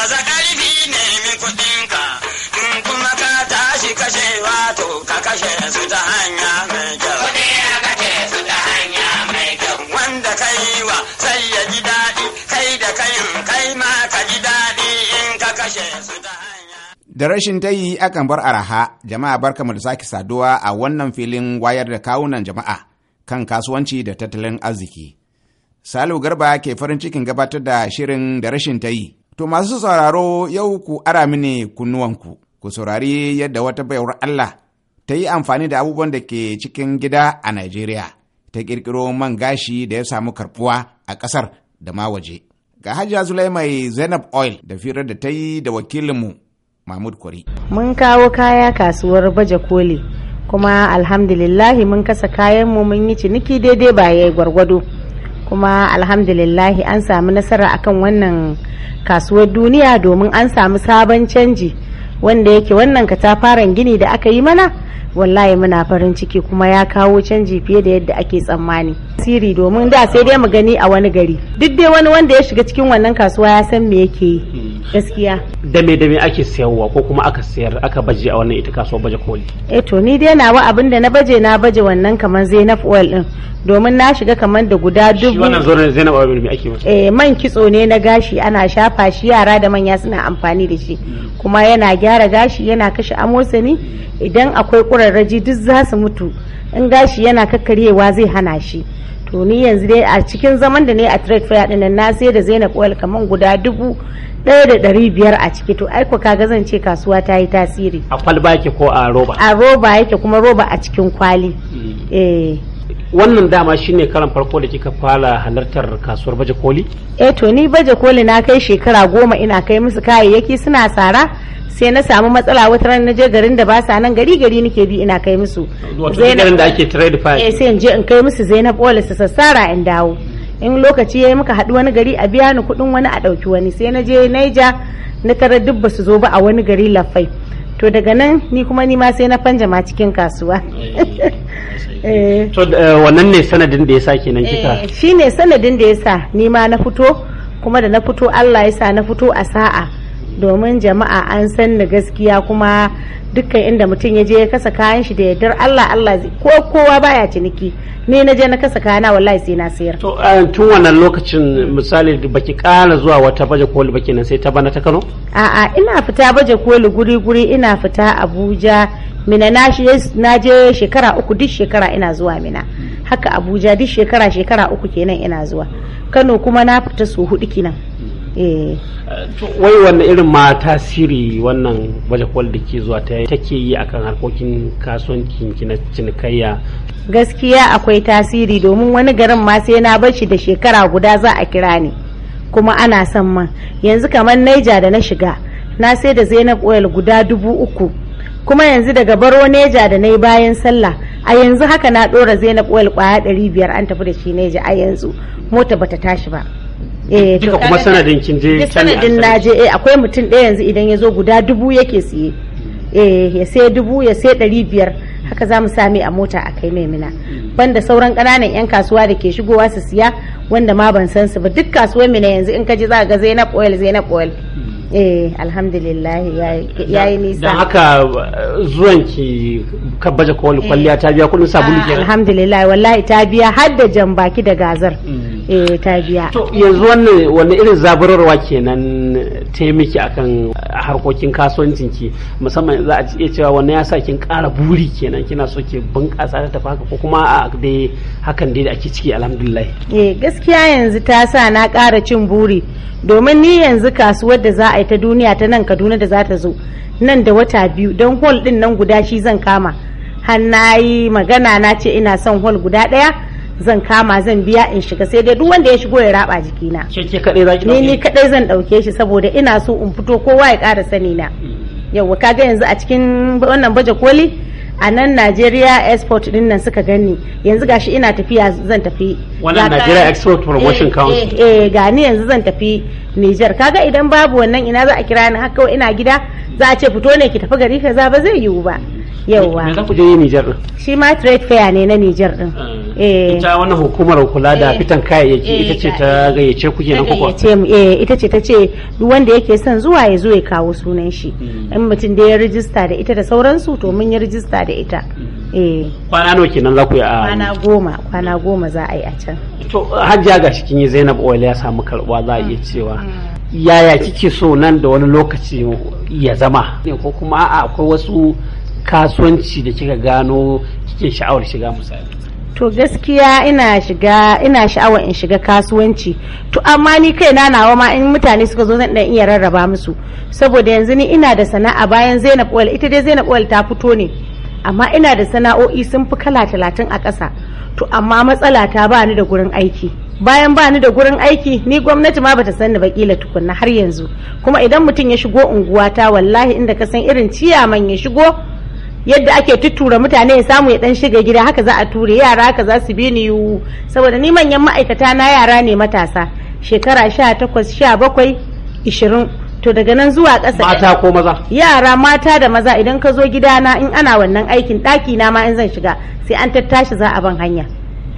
baza ƙarfi nemi kuɗinka in kuma ka tashi kashe wato ka kashe su ta hanya mai kyau. su ta hanya mai kyau. Wanda ka yi wa sai ya ji daɗi kai da kayan kai ma ka ji daɗi in ka kashe su ta hanya. Da rashin tayi akan bar araha jama'a barkamu da sake saduwa a wannan filin wayar da kawunan jama'a kan kasuwanci da tattalin arziki. Salu Garba ke farin cikin gabatar da shirin da rashin ta yi. To masu sauraro yau ku ara mini kunnuwanku, ku saurari yadda wata bayar Allah ta yi amfani da abubuwan da ke cikin gida a Najeriya, ta ƙirƙiro man gashi da ya samu karɓuwa a ƙasar da ma waje. Ga Hajiya Zulaimai Zainab Oil da firar da ta yi da wakilinmu Mahmud Kwari. Mun kawo kaya kasuwar baje koli, kuma alhamdulillahi mun kasa kayanmu mun yi ciniki daidai ba ya gwargwado. kuma alhamdulillahi an samu nasara akan wannan kasuwar duniya domin an samu sabon canji wanda yake wannan katafaren gini da aka yi mana wallahi muna farin ciki kuma ya kawo canji fiye da yadda ake tsammani siri domin da sai dai mu gani a wani gari duk dai wani wanda ya shiga cikin wannan kasuwa ya san me yake yi hmm. gaskiya da me da me ake sayarwa ko kuma aka sayar aka baje a wannan ita kasuwar baje koli eh to ni dai nawa abin da na baje na baje wannan kamar Zainab oil din domin na shiga kamar da guda dubu shi wannan zoren Zainab oil me ake masa eh man kitso ne na gashi ana shafa shi yara da manya suna amfani da shi hmm. kuma yana gyara gashi yana kashe amosani hmm. idan akwai ƙurarraji duk za su mutu in gashi yana kakkaryewa zai hana shi to ni yanzu dai a cikin zaman da ne a trade fair din nan na sai da Zainab oil kaman guda dubu ɗaya da ɗari biyar a ciki to aiko kaga zan ce kasuwa ta yi tasiri a kwalba yake ko a roba a roba yake kuma roba a cikin kwali mm. eh wannan dama shine karan farko da kika fara halartar kasuwar baje koli eh to ni baje koli na kai shekara goma ina kai musu kayayyaki suna tsara sai na samu matsala wata ran na je garin da ba sa nan gari gari nake bi ina kai musu garin da ake trade fire eh sai in je in kai musu Zainab Ola su sassara in dawo in lokaci yayi muka haɗu wani gari a biya ni kuɗin wani a ɗauki wani sai na je naija na tara dubba su zo ba a wani gari lafai to daga nan ni kuma ni ma sai na ma cikin kasuwa eh. to eh, wannan ne sanadin da ya sa kenan kika eh, shi ne sanadin da ya sa ni ma na fito kuma da na fito Allah ya sa na fito a sa'a domin jama'a an san da gaskiya kuma dukkan inda mutum ya je ya kasa kayan shi da yardar Allah Allah ko kowa baya ciniki ne na je na kasa kayana wallahi sai na sayar to eh, tun wannan lokacin misali da baki kara zuwa wata baje koli baki nan sai ta bana ta Kano a'a ina fita baje koli guri guri ina fita Abuja mina na je shekara uku duk shekara ina zuwa mina haka Abuja duk shekara shekara uku kenan ina zuwa Kano kuma na fita su hudu kenan Eh. wai wanda irin ma tasiri wannan waje da ke zuwa ta take yi akan harkokin kasuwanci na cinikayya gaskiya akwai tasiri domin wani garin ma sai na bar shi da shekara guda za a kira ni kuma ana son man yanzu kamar naija da na shiga na sai da zainab oil guda dubu uku kuma yanzu daga baro neja da na yi bayan sallah a yanzu haka na ɗora zainab oil kwaya 500 an tafi da shi neja a yanzu mota bata tashi ba eh to kuma sanadin kin je sanadin naje eh akwai mutum ɗaya yanzu idan ya zo guda dubu yake siye eh ya sai dubu ya sai ɗari biyar haka za mu sami a mota a kai mai mina banda sauran ƙananan 'yan kasuwa da ke shigowa su siya wanda ma ban san su ba duk kasuwar mina yanzu in ka ji za ga zainab oil zainab oil eh alhamdulillah ya yi nisa da haka eh, zuwanki ki ka baje eh. kwalliya ta biya kudin sabulu ah, kenan alhamdulillah wallahi ta biya har da jan baki da gazar mm. eh ta biya to yanzu wannan wani irin zaburarwa kenan ta miki akan harkokin kasuwancin ki musamman za a iya cewa wannan ya sa kin ƙara buri kenan kina so ki bunƙasa ta tafi haka ko kuma a dai hakan dai da ake ciki alhamdulillah eh gaskiya yanzu ta sa na ƙara cin buri domin ni yanzu kasuwar da za a yi ta duniya ta nan Kaduna da za ta zo nan da wata biyu don hol din nan guda shi zan kama hannayi magana na ce ina son hol guda ɗaya zan kama zan biya in shiga sai dai duk wanda ya shigo ya raba jikina ni ni kadai zan dauke shi saboda ina so in fito kowa ya kara sani na hmm. yauwa kaga yanzu a cikin wannan baje koli a nan Najeriya export din nan suka gani yanzu gashi ina tafiya zan tafi wannan Najeriya export promotion eh, council eh, eh gani yanzu zan tafi Niger kaga idan babu wannan ina za a kira ni haka ina gida za a ce fito ne ki tafi gari za ba zai yiwu ba hmm. yauwa me za ku je Niger din shi ma trade fair ne na Niger din ah. Eh. ita wannan hukumar kula da eh. fitan kayayyaki eh, ita ce ta gayyace ku kenan ko eh ita ce ta ce duk wanda yake son zuwa ya zo ya kawo sunan shi hmm. in mutum da ya rijista da ita da sauransu to mun yi rijista da ita hmm. kwana nawa kenan za ku yi a kwana goma kwana goma za a yi a can to hajjia ga cikin yi zainab oil ya samu karbuwa za a iya hmm. cewa yaya kike so nan da wani lokaci ya zama ko kuma a'a akwai wasu kasuwanci da kika gano kike sha'awar shiga misali to gaskiya ina shiga ina sha'awa in shiga kasuwanci to amma ni kai na nawa ma in mutane suka zo zan dan iya rarraba musu saboda yanzu ni ina da sana'a bayan Zainab Oil ita dai Zainab Oil ta fito ne amma ina da sana'o'i sun fi kala talatin a ƙasa to amma matsala ta ba ni da gurin aiki bayan ba ni da gurin aiki ni gwamnati ma bata ni ba kila tukunna har yanzu kuma idan mutum ya shigo unguwa ta wallahi inda ka san irin ciyaman ya shigo yadda ake tuttura mutane ya samu ya dan shiga gida haka za a ture yara haka za su bi ni yiwu saboda ni manyan ma'aikata na yara ne matasa shekara sha takwas sha bakwai ishirin to daga nan zuwa ƙasa mata ko maza yara mata da maza idan ka zo gidana in ana wannan aikin ɗaki na ma in zan shiga sai an tattashi za a ban hanya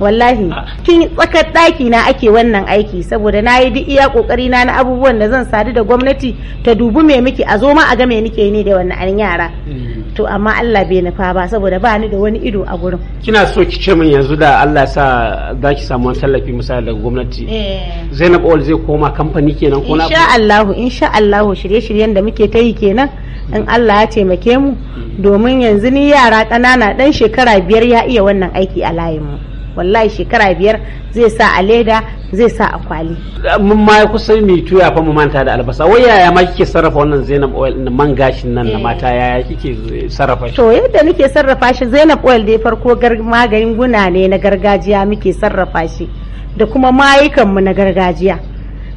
wallahi ah. tun tsakar ɗaki na ake wannan aiki saboda na yi duk iya ƙoƙari na na abubuwan da zan sadu da gwamnati ta dubi me muke a zo ma a ga me nike ne da wannan yara hmm. to amma Allah bai nufa ba saboda ba ni da wani ido a gurin kina so ki ce min yanzu da Allah sa za ki samu wani tallafi misali daga gwamnati eh. Zainab Oil zai koma kamfani kenan ko na insha Allah insha Allah shirye-shiryen da muke ta yi kenan in Allah ya taimake mu hmm. domin yanzu ni yara ƙanana dan shekara biyar ya iya wannan aiki a layin mu wallahi shekara biyar zai sa a leda zai sa a kwali mun ma kusan mai tuya fa mu manta da albasa wai yaya ma kike sarrafa wannan Zainab oil na man gashin nan na eh. mata yaya kike sarrafa shi to yadda nake sarrafa shi Zainab oil dai farko maganin guna ne na gargajiya muke sarrafa shi da kuma mayukan mu na gargajiya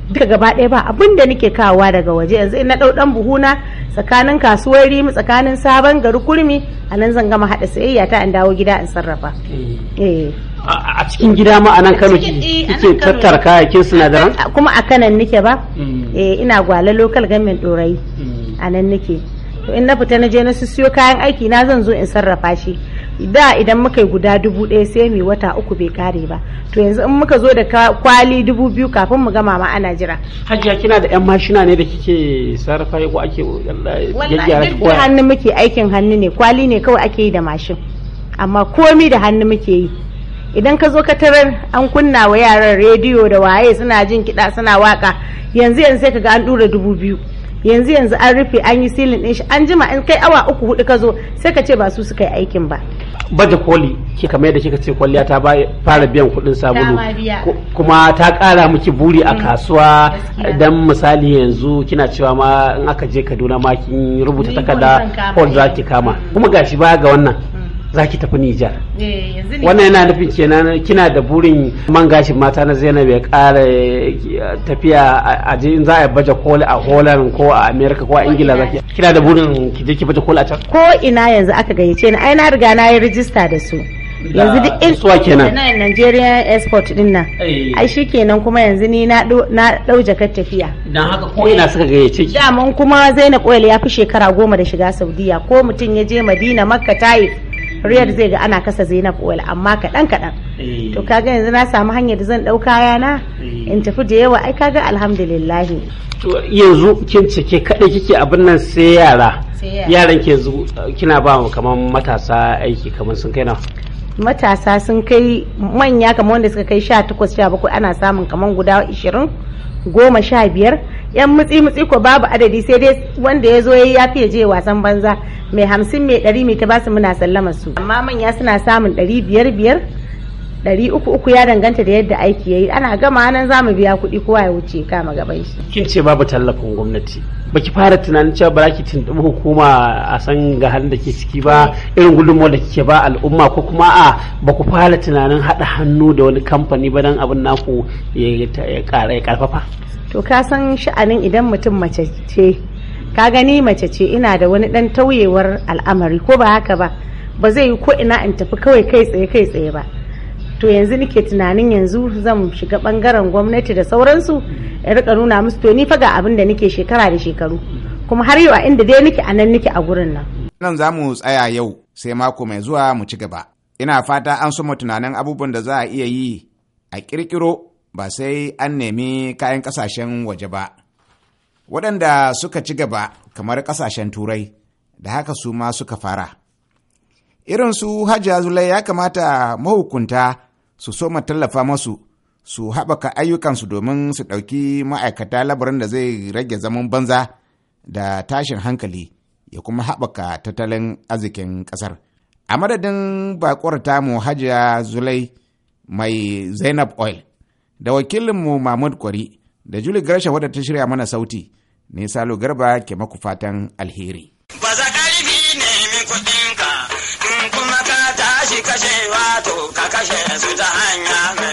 duka gaba ɗaya ba abin da nake kawowa daga waje yanzu na ɗau ɗan buhuna tsakanin kasuwar rimi tsakanin sabon gari kurmi a nan zan gama haɗa sayayya ta an dawo gida in sarrafa. Eh. Eh. a cikin gida ma a nan Kano kike eh, tattara kayayyakin sinadaran kuma a kanan nike ba mm. eh, ina gwala local government dorai mm. a nan nike. to in na fita na je na siyo kayan aiki na zan zo in sarrafa shi da idan muka yi guda dubu ɗaya sai mai wata uku bai kare ba to yanzu in muka zo da kwali dubu biyu kafin mu gama ma ana jira hajiya kina da yan mashina ne da kike sarrafa ko ake gyaggyara ko hannu muke aikin hannu ne kwali ne kawai ake yi da mashin amma komi da hannu muke yi idan ka zo ka tarar an kunna wa yaran rediyo da waye suna jin kiɗa suna waka yanzu yanzu sai kaga an dura dubu biyu yanzu yanzu an rufe an yi silin din shi an jima in kai awa uku hudu ka zo sai ka ce ba su suka yi aikin ba baje koli ki kamar yadda kika ce kwalliya ta fara biyan kuɗin sabulu kuma ta ƙara miki buri a mm, kasuwa dan misali yanzu kina cewa ma in aka je Kaduna ma kin rubuta takarda ko za ki kama kuma gashi baya ga wannan za ki tafi Nijar. Eh, Wannan yana nufin kenan kina da burin man gashin mata na Zainab ya ƙara eh, tafiya a je in za a baje koli a Holland ko a Amerika ko a Ingila za ki kina da burin ki je ki baje koli a can. Ko ina yanzu aka gayyace ni ai na riga na yi rijista da su. yanzu duk in suwa kenan na Nigeria export din nan eh. ai shikenan kuma yanzu ni na na dau jakar tafiya dan haka ko ina suka gayyace ki mun kuma Zainab Oil ya fi shekara goma da shiga Saudiya ko mutum ya je Madina Makka Taif riyar eh. zai ga ana kasa zainab oil amma kaɗan kaɗan eh. to kaga yanzu na samu hanyar da zan ɗau kayana eh. in tafi da yawa ai ga alhamdulillah yanzu kin cike kaɗai kike abin nan sai yara yaran ke yanzu kina ba mu kamar matasa aiki kamar sun kai nawa matasa sun kai manya kamar wanda suka kai sha takwas sha bakwai ana samun kamar guda ishirin goma sha biyar yan mutsi mutsi ko babu adadi sai dai wanda ya zo ya fiye je wasan banza mai hamsin mai ɗari mai ta basu muna sallama su amma manya suna samun ɗari biyar biyar ɗari uku uku ya danganta da yadda aiki ya yi ana gama nan za mu biya kuɗi kowa ya wuce kama gaban shi. kin ce babu tallafin gwamnati baki fara tunanin cewa ba ki tuntuɓi hukuma a san ga halin da ke ciki ba irin gudunmawar da kike ba al'umma ko kuma a ba ku fara tunanin haɗa hannu da wani kamfani ba don abin naku ya ƙarfafa. to ka san sha'anin idan mutum mace ce ka gani mace ce ina da wani dan tauyewar al'amari ko ba haka ba ba zai yi ko ina in tafi kawai kai tsaye kai tsaye ba to yanzu nike tunanin yanzu zan shiga bangaren gwamnati da sauransu in rika nuna musu to ni fa ga abin da nike shekara da shekaru kuma har yau a inda dai nike anan nike a gurin nan nan za mu tsaya yau sai mako mai zuwa mu ci gaba ina fata an mu tunanin abubuwan da za a iya yi a kirkiro ba sai an nemi kayan kasashen waje ba waɗanda suka ci gaba kamar ƙasashen turai da haka su ma suka fara irin su hajiya zulai ya kamata mahukunta su soma tallafa masu su haɓaka ayyukansu domin su ɗauki ma'aikata labarin da zai rage zaman banza da tashin hankali ya kuma haɓaka tattalin arzikin ƙasar a madadin bakwar tamu hajiya zulai mai zainab oil da wakilinmu mahmud kwari da juli garsha wadda ta shirya mana sauti ne Salo Garba ke maku fatan alheri. Ba za ƙarfi nemi in kuma ka tashi kashe wato ka kashe su ta hanya mai